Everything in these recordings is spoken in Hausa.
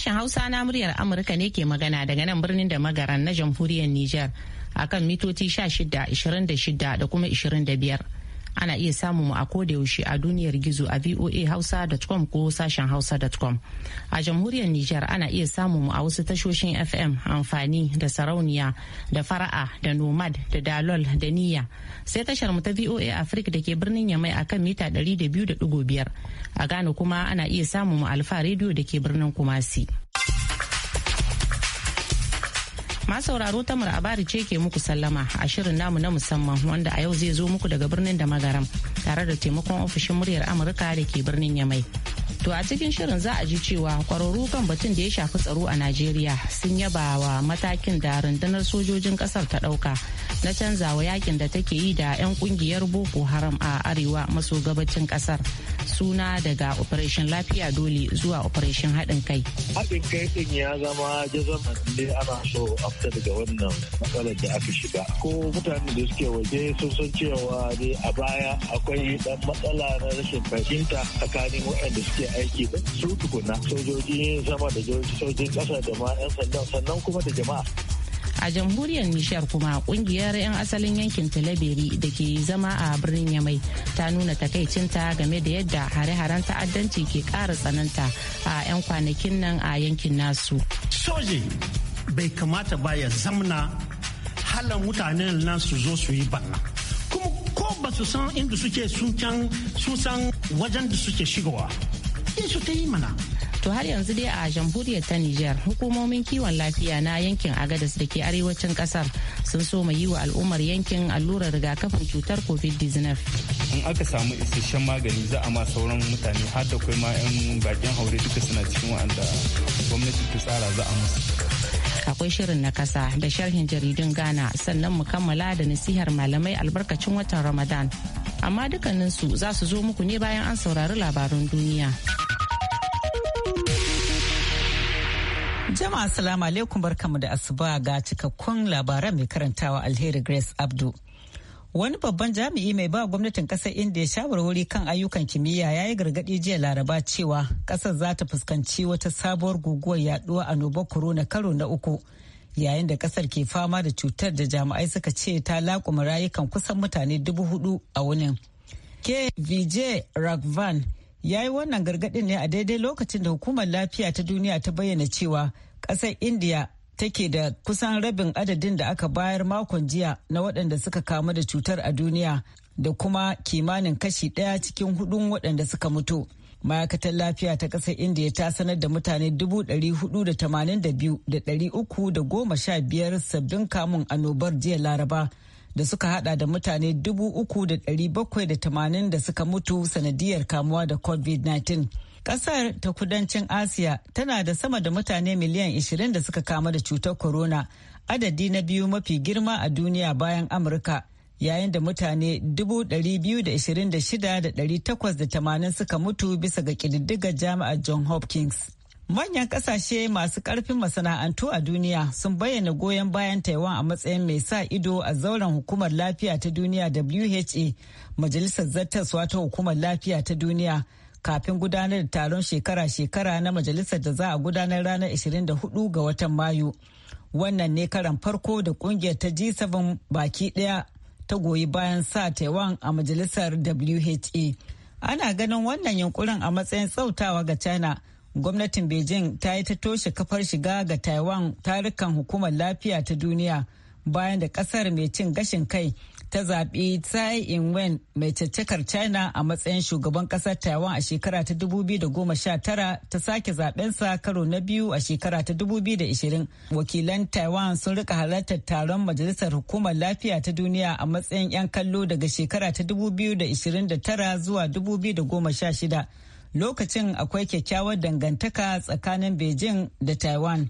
Sashen Hausa na muryar Amurka ne ke magana daga nan birnin da magaran na jamhuriyar Nijar akan mitoci 16, 26 da kuma 25. ana iya samun mu a koda yaushe a duniyar gizo a voa hausa.com ko sashen hausa.com a jamhuriyar nijar ana iya samun mu a wasu tashoshin fm amfani da sarauniya da fara'a da nomad da dalol da niyya sai tashar mu ta voa africa da ke birnin yamai akan mita 200.5 a ghana kuma ana iya samun mu alfa rediyo da ke birnin kumasi sauraro tamar abari ce ke muku sallama a shirin namu na musamman wanda a yau zai zo muku daga birnin da magaram tare da taimakon ofishin muryar amurka da ke birnin yamai to a cikin shirin za a ji cewa kwararru kan batun da ya shafi tsaro a najeriya sun yaba wa matakin da rundunar sojojin kasar ta dauka na canzawa yakin da take yi da 'yan kungiyar boko haram a arewa maso gabacin kasar suna daga operation lafiya dole zuwa operation haɗin kai. Haɗin kai ɗin ya zama jazan ne ana so a fita daga wannan matsalar da aka shiga. Ko mutane da suke waje sun san cewa ne a baya akwai ɗan matsala na rashin fahimta tsakanin waɗanda suke aiki da su tukuna ne sama da sojojin ƙasa da ma 'yan sandan sannan kuma da jama'a. a jamhuriyar nishar kuma kungiyar 'yan asalin yankin talaberi da ke zama a birnin yamai ta nuna takaicinta game da yadda hare-haren ta'addanci ke ƙara tsananta a 'yan kwanakin nan a yankin nasu soje bai kamata ba ya zamna halan mutanen nan su zo su yi barna kuma ko ba su san inda suke sun san wajen da suke shigowa in su ta yi mana to har yanzu dai a jamhuriyar ta nijar hukumomin kiwon lafiya na yankin agadas da ke arewacin kasar sun so mai yi wa al'ummar yankin allurar rigakafin cutar covid-19 in aka samu isasshen magani za a ma sauran mutane har da kai ma 'yan bakin haure duka suna cikin wa'anda gwamnati ta tsara za a musu akwai shirin na kasa da sharhin jaridun ghana sannan mu kammala da nasihar malamai albarkacin watan ramadan amma dukkaninsu za su zo muku ne bayan an saurari labarun duniya Jama'a salamu alaikum barkamu da asuba ga cikakkun labaran mai karantawa alheri Grace Abdu. Wani babban jami'i mai ba gwamnatin kasar India shawarwari kan ayyukan kimiyya ya yi gargaɗi jiya laraba cewa kasar za ta fuskanci wata sabuwar guguwar yaduwa annobar corona karo na uku yayin da ƙasar ke fama da cutar da jami'ai suka ce ta laƙuma rayukan kusan mutane dubu hudu a wunin. Ke Vijay Raghavan ya yi wannan gargaɗin ne a daidai lokacin da hukumar lafiya ta duniya ta bayyana cewa ƙasar india take da kusan rabin adadin da aka bayar makon jiya na waɗanda suka kamu da cutar a duniya da kuma kimanin kashi ɗaya cikin hudun waɗanda suka mutu ma'aikatar lafiya ta ƙasar indiya ta sanar da mutane dubu da da da da uku goma 482,315 sabbin kamun annobar jiya laraba da suka hada da mutane 3,780 da suka mutu sanadiyar kamuwa da covid-19 kasar ta kudancin asiya tana da sama da mutane miliyan 20 da suka kama da cutar corona adadi na biyu mafi girma a duniya bayan amurka yayin da mutane 226,880 suka mutu bisa ga ƙididdigar jami'ar john hopkins Manyan kasashe masu ƙarfin masana'antu a duniya sun bayyana goyon bayan Taiwan a matsayin mai sa ido a zauren hukumar lafiya ta duniya wha Majalisar Zattaswa ta hukumar lafiya ta duniya kafin gudanar da taron shekara-shekara na majalisar da za a gudanar ranar 24 ga watan Mayu. Wannan ne karan farko da kungiyar ta G7 baki ɗaya ta goyi bayan sa Taiwan a majalisar WHA. Ana ganin wannan yunkurin a matsayin tsautawa ga China. gwamnatin beijing ta yi ta toshe kafar shiga ga taiwan tarukan hukumar lafiya ta duniya bayan da kasar mai cin gashin kai ta zaɓi tsai Ing-wen mai caccakar China a matsayin shugaban ƙasar Taiwan a shekara ta 2019 ta sake sa karo na biyu a shekara ta 2020. Wakilan Taiwan sun rika halartar taron Majalisar Hukumar Lafiya ta Duniya a matsayin 'yan kallo daga shekara ta 2029 zuwa 2016. lokacin akwai kyakkyawar dangantaka tsakanin beijing da taiwan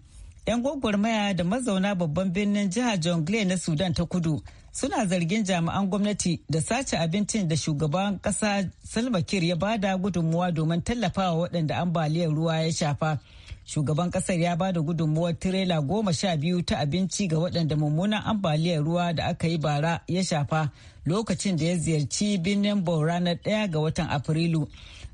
'yan gwagwarmaya da mazauna babban birnin jihar jonglei na sudan ta kudu suna zargin jami'an gwamnati da sace abincin da shugaban kasa salmakir kiir ya bada gudunmuwa domin tallafawa waɗanda ambaliyar ruwa ya shafa shugaban kasar ya bada gudunmuwar tirela goma sha biyu ta abinci ga waɗanda mummunan ambaliyar ruwa da aka yi bara ya shafa lokacin da ya ziyarci birnin bau ranar ɗaya ga watan afrilu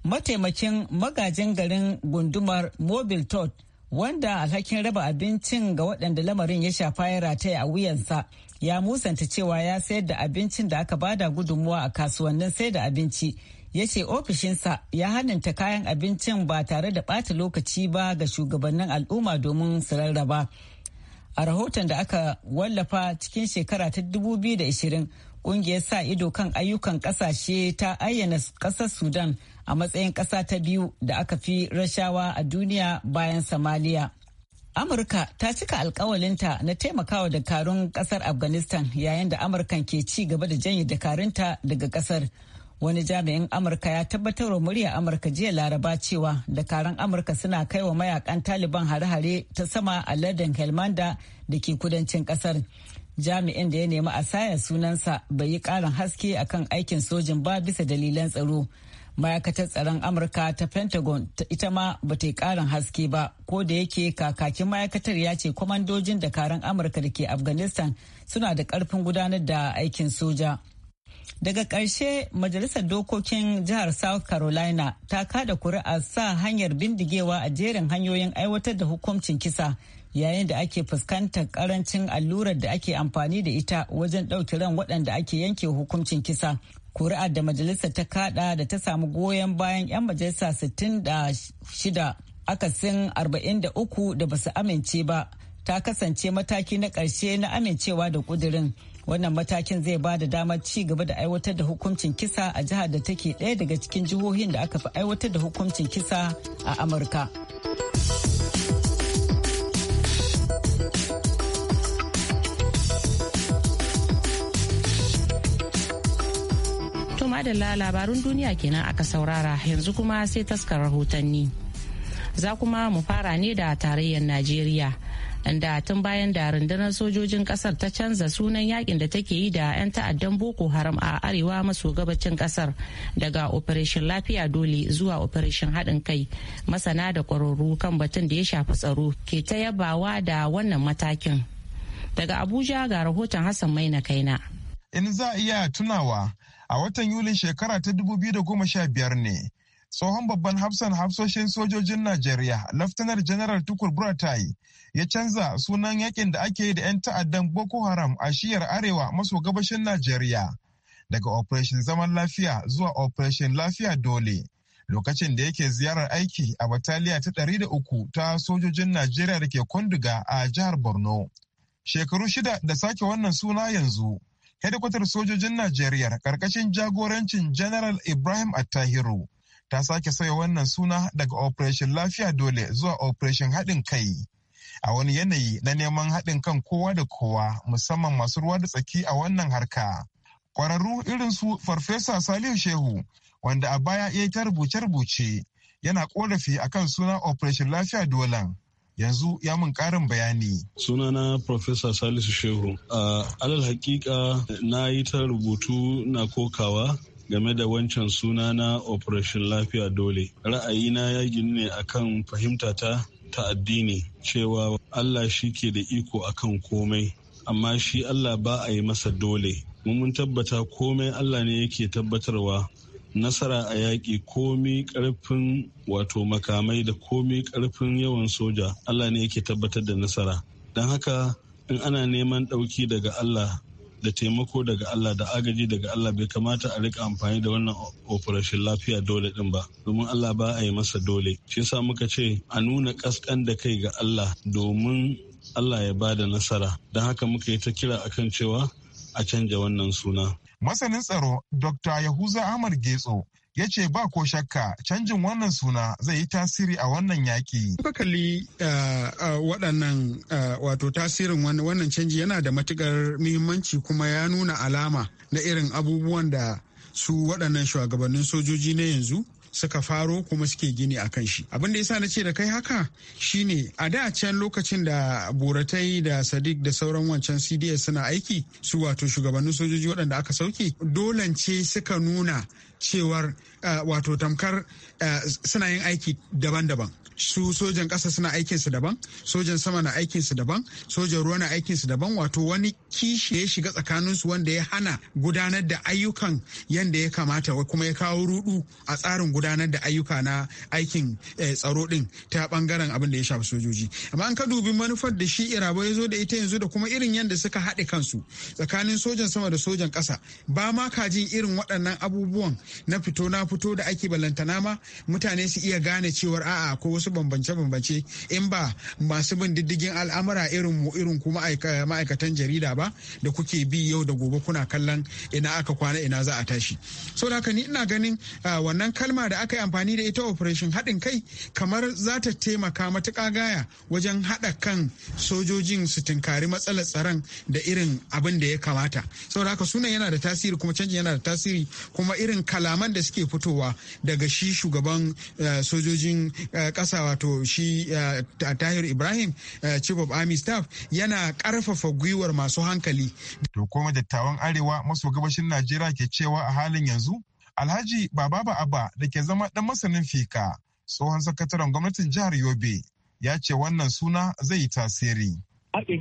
mataimakin magajin garin gundumar mobile tot wanda alhakin raba abincin ga waɗanda lamarin ya shafa ya rataya a wuyansa ya musanta cewa ya sayar da abincin da aka bada gudunmuwa a kasuwannin sayar da abinci ya ce ofishinsa ya hannunta kayan abincin ba tare da ɓata lokaci ba ga shugabannin al'umma domin su rarraba a rahoton da aka wallafa cikin shekara ta 2020 Ƙungiyar sa ido kan ayyukan ƙasashe ta ayyana ƙasar Sudan a matsayin ƙasa ta biyu da aka fi rashawa a duniya bayan Somalia. Amurka ta cika alkawalinta na taimakawa dakarun kasar Afghanistan yayin da Amurkan ke ci gaba da janye dakarunta daga kasar. Wani jami'in Amurka ya tabbatar wa murya Amurka jiya Laraba cewa dakaran Amurka suna kai wa mayakan Taliban hare-hare ta sama a ladan Helmanda da ke kudancin kasar. jami'in da ya nemi a saya sunansa bai yi ƙarin haske akan aikin sojin ba bisa dalilan tsaro ma'aikatar tsaron amurka ta pentagon ita ma ba ta yi ƙarin haske ba ko da yake kakakin ma'aikatar ya ce kwamandojin dakaran amurka da ke afghanistan suna da ƙarfin gudanar da aikin soja daga ƙarshe majalisar dokokin jihar south carolina ta kada kuri'a sa hanyar bindigewa a jerin hanyoyin aiwatar da hukuncin kisa yayin da ake fuskantar karancin allurar da ake amfani da ita wajen ɗauki ran waɗanda ake yanke hukuncin kisa. Kuri'ar da majalisa ta kaɗa da ta samu goyon bayan 'yan majalisa 66 akasin 43 da basu amince ba ta kasance mataki na ƙarshe na amincewa da ƙudurin. wannan matakin zai ba da damar ci gaba da aiwatar da hukuncin kisa a jihar da take ɗaya daga cikin jihohin da aka fi aiwatar da hukuncin kisa a amurka. madalla labarun duniya kenan aka saurara yanzu kuma sai taskar rahotanni. Za kuma mu fara ne da tarayyar Najeriya. inda tun bayan da rundunar sojojin kasar ta canza sunan yakin da take yi da 'yan ta'addan boko haram a arewa maso gabacin kasar daga operation lafiya dole zuwa operation haɗin kai masana da ƙwararru kan batun da ya shafi tsaro ke ta yabawa da wannan matakin daga abuja ga rahoton hassan maina kaina in za a iya tunawa a watan yulin shekara ta 2015 ne tsohon babban hafsan hafsoshin sojojin najeriya laftanar janaral tukur buratai ya canza sunan yakin da ake yi da 'yan ta'addan boko haram a shiyar arewa maso gabashin najeriya daga operation zaman lafiya zuwa operation lafiya dole lokacin da yake ziyarar aiki a bataliya ta 300 ta sojojin najeriya da ke kunduga a jihar borno shekaru shida da sake wannan suna yanzu hedikwatar sojojin Najeriya karkashin jagorancin General Ibrahim Attahiru ta sake sayo wannan suna daga Operation Lafiya Dole zuwa Operation Haɗin Kai. A wani yanayi na neman haɗin kan kowa da kowa musamman masu ruwa da tsaki a wannan harka. Kwararru irin su Farfesa Salihu Shehu wanda a baya ya yi ta rubuce-rubuce yana korafi akan suna Operation Lafiya Dolan. yanzu ya mun karin bayani. Sunana Professor Salisu Shehu. Uh, alal hakika na yi ta rubutu na kokawa game da wancan suna na Operation Lafiya Dole. Ra'ayina ya gini ne akan fahimtata ta addini cewa Allah shi ke da iko akan komai, amma shi Allah ba a yi masa dole. mun tabbata komai Allah ne yake tabbatarwa nasara a yaƙi komi ƙarfin wato makamai da komi karfin yawan soja Allah ne yake tabbatar da nasara don haka in ana neman ɗauki daga Allah da taimako daga Allah da agaji daga Allah bai kamata a rika amfani da wannan operation lafiya dole din ba domin Allah ba a yi masa dole shi yasa muka ce a nuna kaskan da kai ga Allah domin Allah ya bada nasara don haka muka yi ta kira akan cewa a canja wannan suna Masanin tsaro Dr. Yahuza Ahmad Getso ya ce ba ko shakka canjin wannan suna zai yi tasiri a wannan yaƙi. fakali kalli uh, uh, waɗannan uh, wato tasirin wannan canji yana da matukar muhimmanci kuma ya nuna alama na irin abubuwan da su waɗannan shugabannin sojoji na yanzu suka faro kuma suke gini a kan shi abin da yasa na ce da kai haka shine a da can lokacin da buratai da sadiq da sauran wancan cds suna aiki su wato shugabannin sojoji waɗanda aka sauke ce suka nuna cewar eh, wato tamkar eh, suna yin aiki daban-daban su sojan ƙasa suna aikinsu daban sojan sama na aikinsu daban sojan ruwa na aikinsu daban wato wani kishi ya shiga tsakanin wanda ya hana gudanar da ayyukan yanda ya kamata kuma ya kawo rudu a tsarin gudanar da ayyuka na aikin eh, tsaro din ta bangaren abin da ya shafi sojoji amma an ka dubi manufar da shi irabo ya zo da ita yanzu da kuma irin yanda suka haɗe kansu tsakanin sojan sama da sojan kasa ba ma kajin irin waɗannan abubuwan na fito na fito da ake balantana ma mutane su iya gane cewar a'a ko wasu wasu bambance-bambance in ba masu bin diddigin al'amura irin mu irin ku ma'aikatan jarida ba da kuke bi yau da gobe kuna kallon ina aka kwana ina za a tashi so da ni ina ganin wannan kalma da aka yi amfani da ita operation haɗin kai kamar za ta taimaka matuƙa gaya wajen haɗa kan sojojin su tinkari matsalar tsaron da irin abin da ya kamata saboda haka sunan yana da tasiri kuma canjin yana da tasiri kuma irin kalaman da suke fitowa daga shi shugaban sojojin ƙasa nasa wato shi eh, tahir ibrahim eh, chief of army staff yana karfafa gwiwar masu hankali to kuma dattawan arewa maso gabashin najeriya ke cewa a halin yanzu alhaji baba ba aba da ke zama dan masanin fika tsohon sakataren gwamnatin jihar yobe ya ce wannan suna zai yi tasiri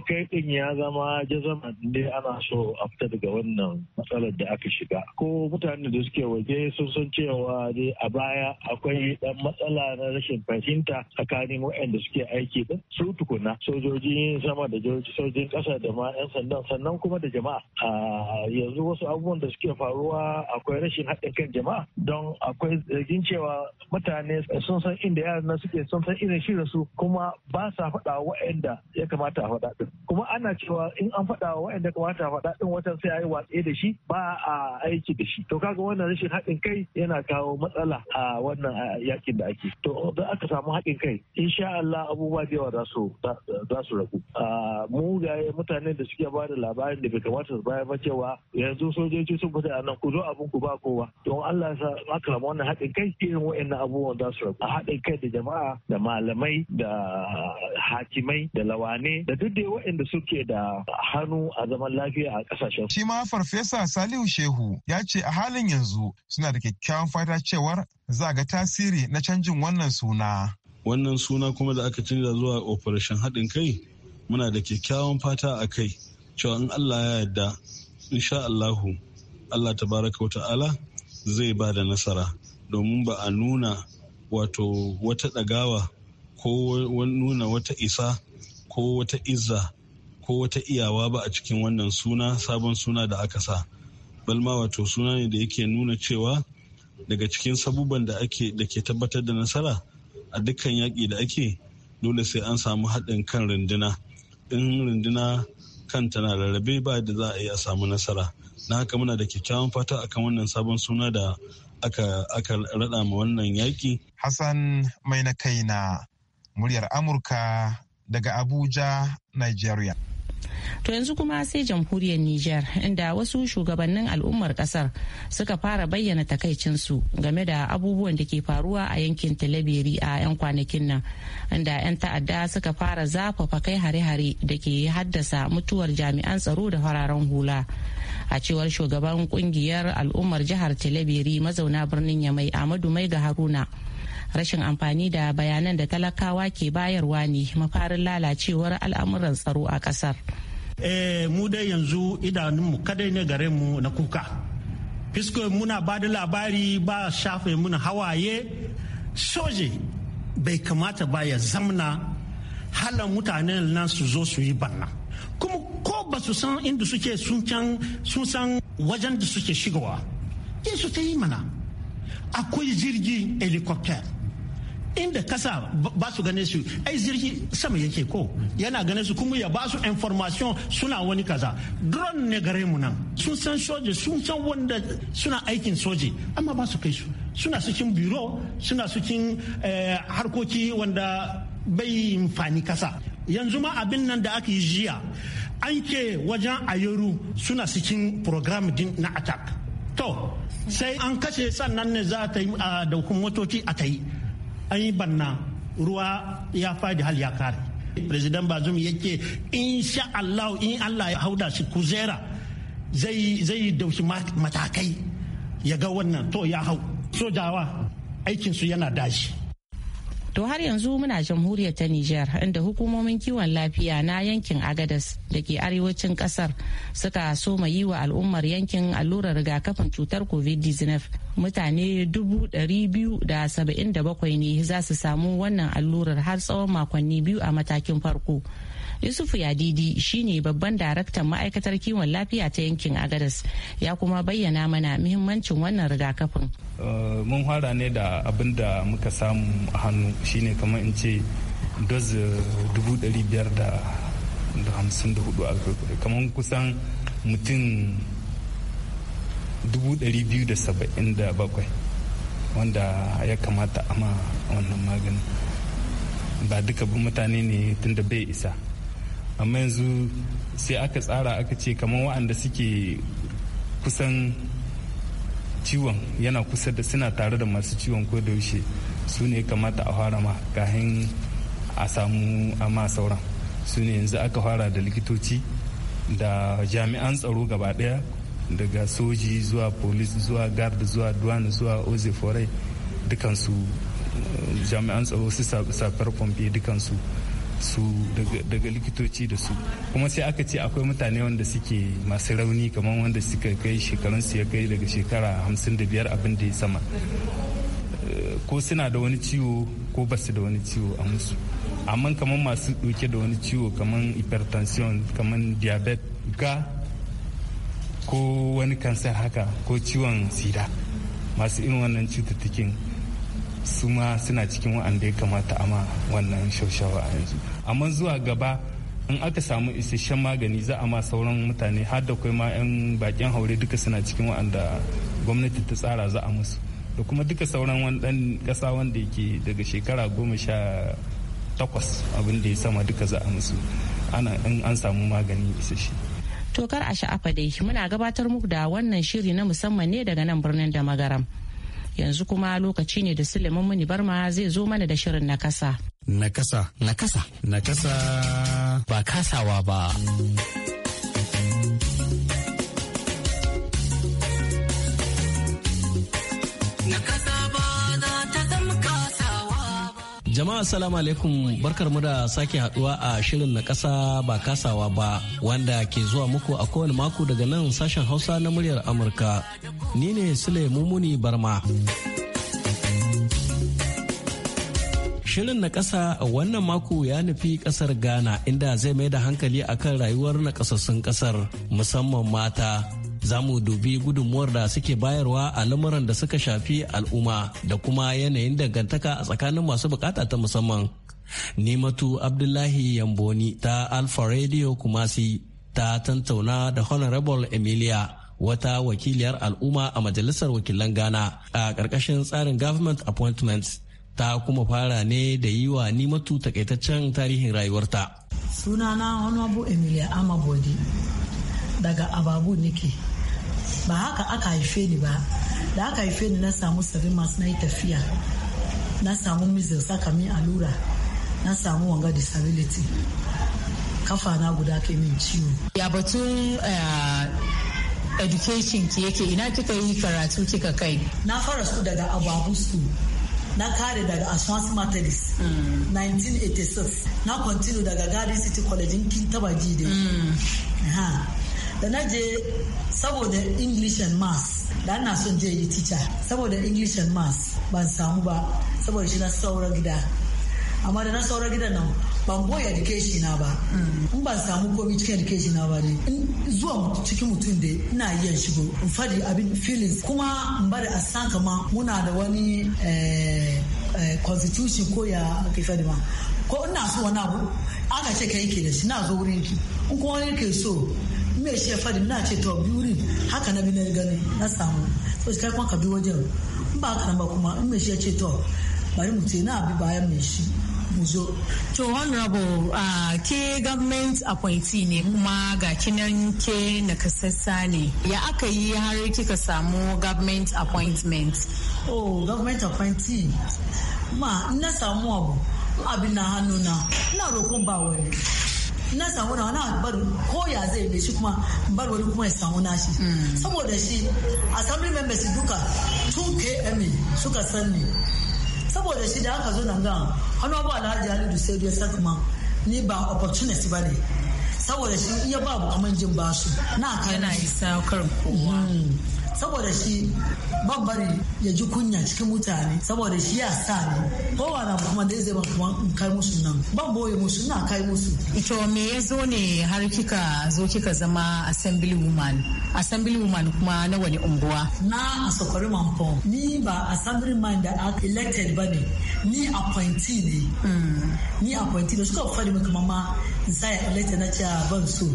kai din ya zama jazama ne ana so a fita daga wannan matsalar da aka shiga ko mutanen da suke waje sun san cewa ne a baya akwai dan matsala na rashin fahimta tsakanin waɗanda suke aiki din su tukuna sojoji sama da sojojin ƙasa da ma 'yan sandan sannan kuma da jama'a yanzu wasu abubuwan da suke faruwa akwai rashin haɗin kan jama'a don akwai zargin cewa mutane sun san inda yaran suke sun san irin shirin su kuma ba sa faɗa waɗanda ya kamata a faɗa din kuma ana cewa in an faɗa wa waɗanda kamata faɗa ɗin watan sai a yi watsi da shi ba a aiki da shi to kaga wannan rashin haɗin kai yana kawo matsala a wannan yakin da ake to da aka samu haɗin kai insha Allah abubuwa da yawa za su ragu mu ga mutane da suke ba da labarin da bai kamata su bayar ba cewa yanzu sojoji sun fita a nan ku zo abin ku ba kowa don Allah ya sa aka samu wannan haɗin kai irin wa'annan abubuwan za su ragu a haɗin kai da jama'a da malamai da hakimai da lawane da duk da waɗanda suke da hannu a zaman lafiya a ƙasashen. Shi ma Farfesa Salihu Shehu ya ce a halin yanzu suna da kyakkyawan fata cewar za ga tasiri na canjin wannan suna. Wannan suna kuma da aka canza zuwa Operation Haɗin Kai muna da kyakkyawan fata a kai cewa in Allah ya yarda insha Allahu Allah tabaraka wa ta'ala zai ba da nasara domin ba a nuna wato wata ɗagawa ko nuna wata isa ko wata izza ko wata iyawa ba a cikin wannan suna sabon suna da aka sa balma wato suna ne da yake nuna cewa daga cikin sabuban da ake da ke tabbatar da nasara a dukkan yaƙi da ake dole sai an samu haɗin kan runduna in runduna kanta na rarrabe ba da za a yi a samu nasara na haka muna da kyakkyawan fata akan wannan sabon suna da aka aka rada ma wannan yaƙi hassan mai na kai na muryar amurka daga abuja nigeria To yanzu kuma sai jamhuriyar Nijar inda wasu shugabannin al'ummar kasar suka fara bayyana takaicinsu game da abubuwan da ke faruwa a yankin Talabiri a 'yan kwanakin nan inda 'yan ta'adda suka fara zafafa kai hare-hare da ke haddasa mutuwar jami'an tsaro da fararen hula. A cewar shugaban kungiyar al'ummar jihar Talabiri mazauna birnin Yamai Ahmadu ga Haruna. rashin amfani da bayanan da talakawa ke bayarwa ne mafarin lalacewar al'amuran tsaro a ƙasar. Eh, mu dai yanzu idanunmu kadai ne gare mu na kuka fisko muna ba da labari ba shafe muna hawaye soje bai kamata ba ya zamna halar mutanen nan su zo su yi banna kuma ko ba su san inda suke sun can sun san wajen da suke shigowa in su ta yi mana akwai jirgin helicopter inda kasa ba su gane su ai jirgi sama yake ko yana gane su kuma ya ba su information suna wani kaza drone ne gare mu nan sun san soje sun san wanda suna aikin soje amma ba su kai su suna cikin biro suna cikin eh, harkoki wanda bai amfani kasa yanzu ma abin nan da aka yi jiya an ke wajen ayoru suna cikin program din na attack to sai an kashe sannan ne za ta yi ah, daukun motoci a ta yi an yi banna ruwa ya fadi hal ya kare president bazum in insha Allah in Allah ya hauda shi kuzera zai yi daushi matakai ya ga wannan to ya hau sojawa aikinsu yana dashi To har yanzu muna jamhuriyar ta Nijar inda hukumomin kiwon lafiya na yankin Agadas da ke arewacin kasar suka soma yi wa al'ummar yankin allurar rigakafin cutar COVID-19. Mutane 2,77 ne za su samu wannan allurar har tsawon makonni biyu a matakin farko. yusufu yadidi shine babban daraktan ma'aikatar kiwon lafiya ta yankin agadas ya kuma bayyana mana muhimmancin wannan rigakafin uh, mun fara ne da abin da muka samu a hannu shine kamar in ce dubu dari biyar da hamsin da hudu kamar kusan mutum dubu dari biyu da saba'in da bakwai wanda ya kamata ama wannan magani ba duka ba mutane ne tunda bai isa amma yanzu sai aka tsara aka ce kamar waɗanda suke kusan ciwon yana kusa da suna tare da masu ciwon ko da yaushe su ne kamata a fara ma kahin a samu amma sauran su ne yanzu aka fara da likitoci da jami'an tsaro gaba daya daga soji zuwa polis zuwa guard zuwa duwani zuwa oze forai dukansu eh, jami'an tsaro su safar pompe dukansu su daga likitoci da su kuma sai aka ce akwai mutane wanda suke masu rauni kamar wanda suka kai shekarun su ya kai daga shekara hamsin da biyar abin da ya sama eh, ko suna da wani ciwo ko ba su da wani ciwo a musu amma kamar masu ɗauke da wani ciwo kamar hypertension kamar diabetes ga ko wani kansar haka ko ciwon sida masu irin wannan cututtukin su ma suna cikin wa'anda ya kamata a ma wannan shaushawa a yanzu amma zuwa gaba in aka samu isasshen magani za a ma sauran mutane har da kai ma 'yan bakin haure duka suna cikin wa'anda gwamnati ta tsara za a musu da kuma duka sauran wani kasa wanda yake daga shekara goma sha takwas abin da ya sama duka za a musu ana in an samu magani isasshe tokar a sha'afa dai muna gabatar muku da wannan shiri na musamman ne daga nan birnin da magaram yanzu kuma lokaci ne da Suleiman Muni Barma zai zo mana da shirin na kasa. Na kasa. Na kasa. Na kasa. Ba kasawa ba. Jama'a salamu alaikum barkar mu da sake haduwa a shirin na kasa ba kasawa ba wanda ke zuwa muku a kowane mako daga nan sashen Hausa na muryar Amurka. Ni ne Sule Mumuni Barma. Shirin na kasa a wannan mako ya nufi kasar Ghana inda zai mai da hankali akan rayuwar na kasassun kasar musamman mata za mu dubi gudunmuwar da suke bayarwa a lamuran da suka shafi al'umma da kuma yanayin dangantaka a tsakanin masu bukata ta musamman nimatu abdullahi yamboni ta alfa radio kumasi ta tantauna da honorable emilia wata wakiliyar al'umma a majalisar wakilan ghana a ƙarƙashin tsarin government appointments ta kuma fara ne da yi wa nimatu takaitaccen tarihin rayuwarta sunana honorable emilia amabodi daga ababu nike ba haka aka haife ni ba da aka haife ni na samu sabbin masu na yi tafiya na samu mizil aka min allura na samu wanga disability kafa na guda ke min ciwo ya batun eh, education ki yake ina kika yi karatu kika kai na fara su daga abu na kare daga Ashansi Methodist 1986 hmm. na kontinu daga Garden City College in kintaba jide hmm. da na je saboda english and maths da ana son je yi teacher saboda english and maths ban samu ba saboda shi na saura gida amma da na saura gida nan ban boye education na ba in ban samu komi cikin education na ba ne in zuwa cikin mutum da ina iya shigo in fadi abin feelings kuma in bada san kama muna da wani eh, eh, constitution ko ya ake fadi ma ko ina so wani abu aka ce ka ke da shi na zo wurin ki in kuma wani ke so me shi ya faɗi na ce to bi ha na bi na gani na samu to shi kuma ka bi ba kuma bari mu na bi ya me shi zo. To honorable uh, ke government appointee ne kuma ga kinan ke nakasassa ne. Ya aka yi har kika samu government appointment? Oh, government appointee. Ma, na samu abu. Abin na hannu na, roƙon ba na samu na wani bari ko ya zai mai shi kuma bar wani kuma ya samu nashi hmm. saboda shi assembly members duka 2km suka sanni saboda shi da aka zo nan gan honorable alhaji halidu sai ya sakuma ni ba opportunity ba ne saboda shi iya babu kaman jin basu na kai yana isa karin kowa hmm. saboda shi ban bari ya ji kunya cikin mutane saboda shi ya sa ne kowa na kuma da zai ban kuma in kai musu nan ban boye musu na kai musu to me ya zo ne har kika zo kika zama assembly woman assembly woman kuma na wani unguwa na asokori manfo ni ba assembly man da aka elected ba ne ni appointee ne hmm. ni appointee da suka fadi maka mama zai elected na cewa ban so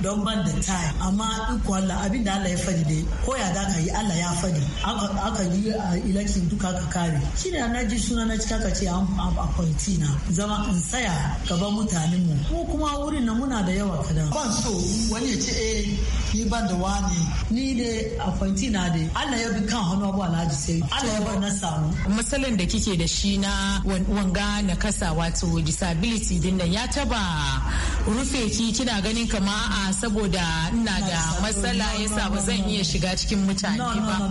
don ban da time amma in ko abin da Allah ya fadi dai ko ya da aka yi Allah ya fadi aka yi a ilakin duka ka kare shi ne na ji suna na cika ka ce an appointee na zama in saya gaban mutanen mu mu kuma wurin na muna da yawa kada ban so wani ya ce eh ni ban da wani ni ne appointee na dai Allah ya bi kan hannu abu alhaji sai Allah ya bar na samu misalin da kike da shi na wanga na kasa wato disability din nan ya taba rufe ki kina ganin kama a saboda ina da matsala yasa ba zan iya shiga cikin mutane ba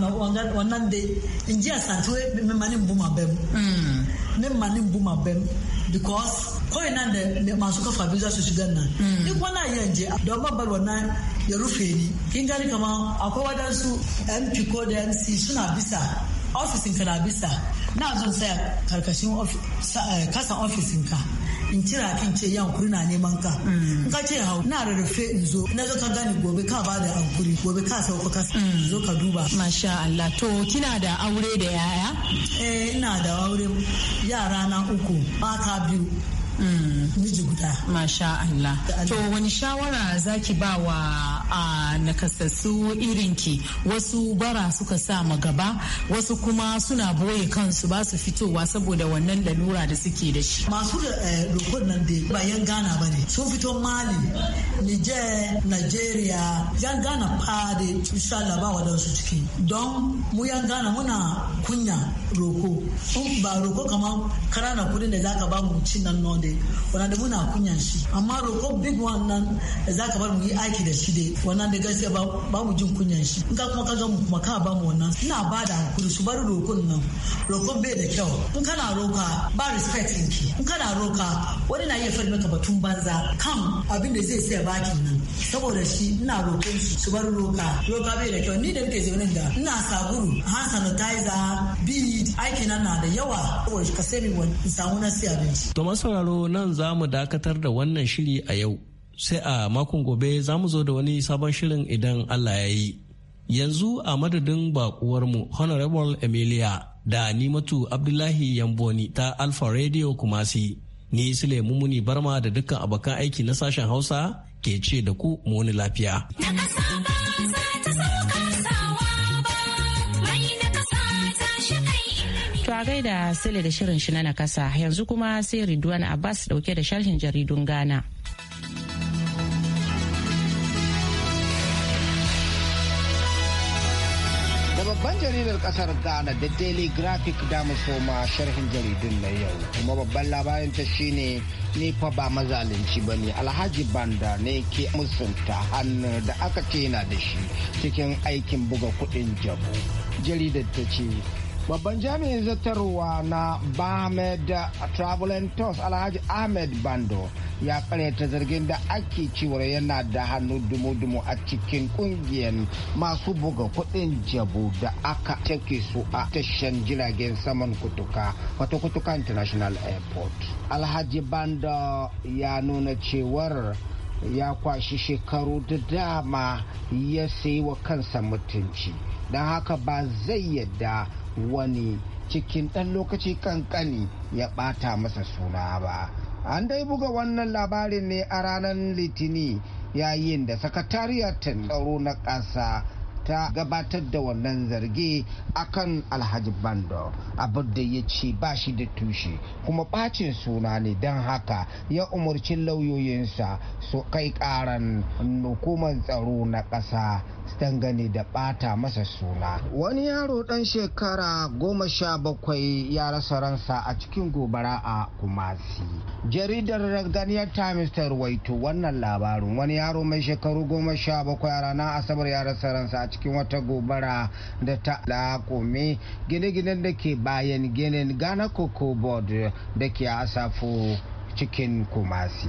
wannan da in ji a santuwe eh, memanin buma bem hmm. memanin buma bem because kawai nan da masu kafa biyu za su shiga nan hmm. ni kwana yanje don babbar wannan ya rufe ni kin gani kama akwai wadansu mp ko da mc suna bisa ofisin ka na bisa na zan saya karkashin eh, kasan ofisin ka in cira kin ce yan kuri na neman ka mm. in ka ce hau na rarrafe in zo na zo ka gani gobe ka ba da hankuri gobe ka sauka ka mm. zo ka duba masha Allah to kina da aure da yaya eh ina da aure yara na uku ba ka biyu Mm. miji guda masha Allah to wani shawara zaki ba wa a nakasassu irinki wasu bara suka sa ma gaba wasu kuma suna boye kansu ba su fitowa saboda wannan lalura da suke da shi masu da eh, rokon nan dai yan gana ba ne sun fito mali niger nigeria yan gana fa da insha Allah ba wadansu ciki don mu yan gana muna kunya roko ba roko kamar karana kudin da zaka ba mu cin nan dai wannan da muna kunyan shi amma roƙo big one nan za ka bar mu yi aiki da shi dai wannan da gaskiya ba mu jin kunyan shi in ka kuma ka ga mu kuma ka ba mu wannan ina ba da hakuri su bar roƙon nan roƙon bai da kyau in kana roƙa ba respect in ki in kana roƙa wani na iya faɗi maka batun banza kan abin da zai saya baki nan saboda shi ina roƙon su su bar roƙa roƙa bai da kyau ni da nake zaune da ina sabulu hand sanitizer bead aiki na na da yawa saboda ka sai min wani in samu na siya abinci. to masu sauraro nan za mu dakatar da wannan shiri a yau. Sai a makon gobe za mu zo da wani sabon shirin idan Allah ya yi. Yanzu a madadin bakuwarmu Honorable Emilia da Nimatu Abdullahi Yamboni ta Alfa Radio Kumasi. Ni Sule Mumuni Barma da dukkan abokan aiki na sashen Hausa ke ce da ku muni lafiya. a gaida sile da shirin shi na kasa yanzu kuma sai Ridwan Abbas dauke da sharhin jaridun Ghana. babban jaridar kasar ghana da daily graphic da soma sharhin jaridun na yau kuma babban labarin ta shine ne fa ba mazalunci ba ne alhaji banda ne ke musunta hannu da aka ce yana da shi cikin aikin buga kudin jabu jaridar ta ce babban jami'in zartarwa na Bahamed travel tours alhaji ahmed bando ya karyata zargin da ake cewar yana da hannu dumu-dumu a cikin kungiyar masu buga kudin jabu da aka cike su a tashan jiragen saman kutuka wato kutuka international airport alhaji bando ya nuna cewar ya kwashi shekaru da dama ya sayi wa kansa mutunci don haka ba zai yadda wani cikin ɗan lokaci kankani ya ɓata masa suna ba an dai buga wannan labarin ne a ranar litini yayin da sakatariyar tsaro na ƙasa ta gabatar da wannan zarge akan alhaji bando abin da ya ce ba shi da tushe kuma bacin suna ne don haka ya umarci lauyoyinsa su kai karan hukumar tsaro na ƙasa dangane da bata masa suna. Wani yaro dan shekara goma sha bakwai ya rasa ransa a cikin gobara a Kumasi. Jaridar Ghanaian Times ta ruwaito wannan labarin wani yaro mai shekaru goma sha bakwai a ranar Asabar ya rasa ransa a cikin wata gobara da ta lakome gine-ginen da ke bayan ginin Ghana Cocoa Board da ke asafo cikin Kumasi.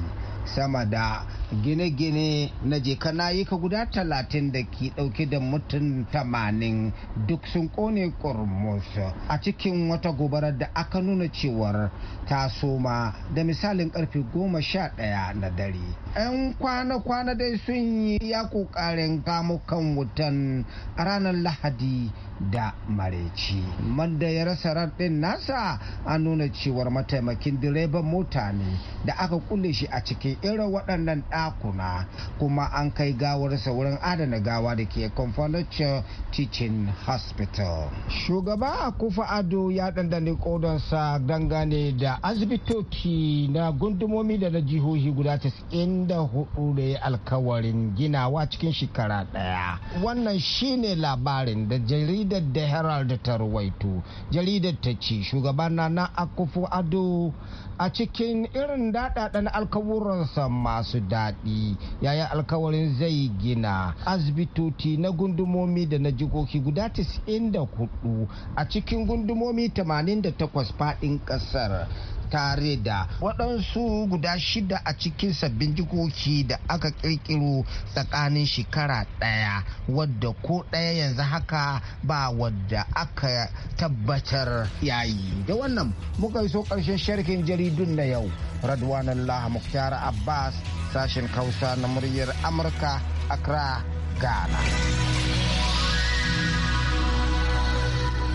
sama da gine-gine na jekanayi ka guda talatin da ke dauke da mutum tamanin duk sun kone kurmus a cikin wata gobarar da aka nuna cewar ta soma da misalin karfe goma sha daya na dare yan kwana-kwana dai sun yi ya kokarin kamukan wutan ranar lahadi da man da ya rasa ran din nasa an nuna cewar mataimakin direban mota ne da aka kulle shi a cikin irin waɗannan ɗakuna kuma an kai gawarsa wurin adana gawa da ke confidential teaching hospital shugaba kufa ado ya ɗanɗane kodansa dangane da asibitoci na gundumomi da na jihohi guda 94 da ya alkawarin ginawa cikin shekara ɗaya wannan shine labarin da jarida jaridar da herald ta ruwaito jaridar ta ce shugaban na kufu ado a cikin irin daɗaɗen alkawuransa masu daɗi yayin alkawarin zai gina asibitoci na gundumomi da na jigoki guda 94 a cikin gundumomi 88 faɗin ƙasar tare da waɗansu guda shida a cikin sabbin jikoki da aka ƙirƙiro tsakanin shekara ɗaya wadda ko ɗaya yanzu haka ba wadda aka tabbatar yayi da wannan muka iso ƙarshen sharhin jaridun na yau radwan allah muktar abbas sashen kausa na muryar amurka accra ghana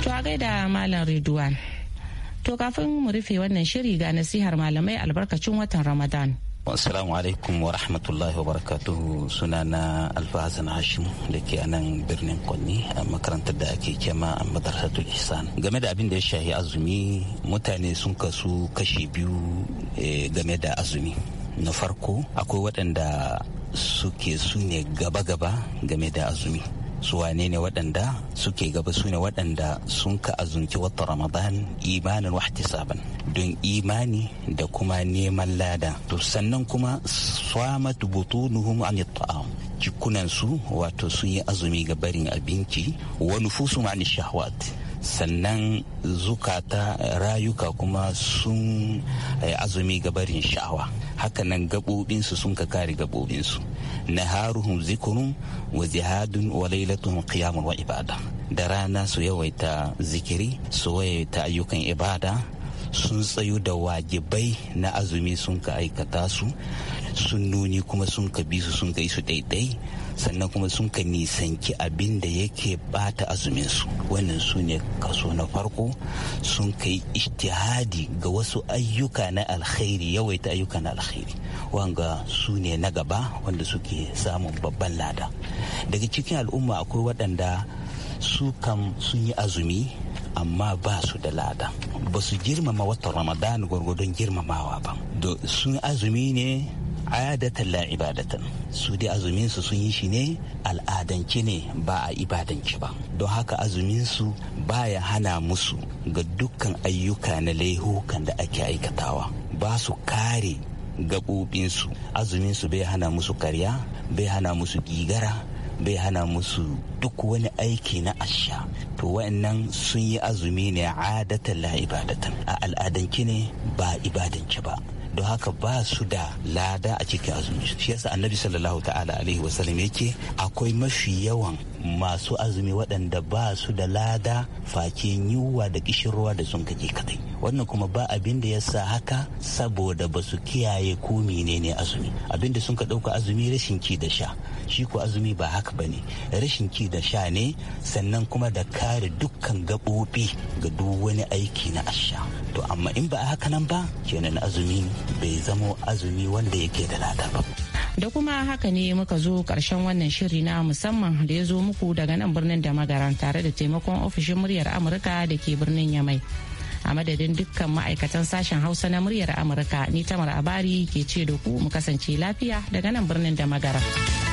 to a gaida malam ridwan To kafin mu rufe wannan shiri ga nasihar malamai albarkacin watan Ramadan. Assalamu alaikum wa rahmatullahi wa barakatuhu sunana alfahazan Hashim da ke a nan birnin Kwanni a makarantar da ake kema a madarsatul Ihsan. Game da abin da ya shahi azumi mutane sun kasu kashi biyu eh, game da azumi. Na farko akwai waɗanda suke su ne gaba-gaba game da azumi. su wane ne waɗanda suke gaba su ne waɗanda sun ka azunci wata ramadan imanin wahtisaban don imani da kuma neman lada to sannan kuma swamat butunuhum an ta'am jikunansu wato sun yi azumi ga barin abinci wa nufusu ma'an shahwat sannan zukata rayuka kuma sun eh, azumi gabarin sha'awa hakanan gabobinsu sun ka kare gabobinsu. na haruhun zikurun wa zihadun wa lailatun qiyamun wa ibada da rana su yawaita zikiri su yawaita ayyukan ibada sun tsayu da wajibai na azumi sun ka aikata su sun nuni kuma sun ka bi su sun ka yi su ɗaiɗai sannan kuma sun ka nisanki abin da yake bata azumin su wannan su ne kaso na farko sun kai ijtihadi ga wasu ayyuka na alkhairi yawaita ayyuka na alkhairi wanga su ne na gaba wanda suke samun babban lada daga cikin al'umma akwai waɗanda su kam sun yi azumi amma ba su da lada ba su girmama watan ramadan gwargwadon girmamawa ba sun azumi ne adatan la ibadatan su dai azumin su sun yi shi ne al'adance ne ba a ibadance ba don haka azumin su baya hana musu ga dukkan ayyuka na laihukan da ake aikatawa ba su kare gaɓoɓinsu azumin su bai hana musu karya bai hana musu gigara bai hana musu duk wani aiki na asha to wa'annan sun yi azumi ne adatan la ibadatan a al'adance ne ba ibadance ba don haka ba su da lada a cikin azumi shi yasa annabi sallallahu ta'ala alaihi wasallam yake akwai mafi yawan masu azumi waɗanda ba su da lada face yiwuwa da kishirwa da sun kaje kadai wannan kuma ba abin da yasa haka saboda ba su kiyaye ko menene azumi abin da sun ka ɗauka azumi rashin ki da sha shiku ko azumi ba haka ba rashin ki da sha ne sannan kuma da kare dukkan gabobi ga duk wani aiki na asha to amma in ba haka nan ba kenan azumi bai zamo azumi wanda yake da lada ba da kuma haka ne muka zo karshen wannan shiri na musamman da ya zo muku daga nan birnin da magaran tare da taimakon ofishin muryar amurka da ke birnin yamai a madadin dukkan ma'aikatan sashen hausa na muryar amurka ni tamar abari ke ce da ku mu kasance lafiya daga nan birnin da magaran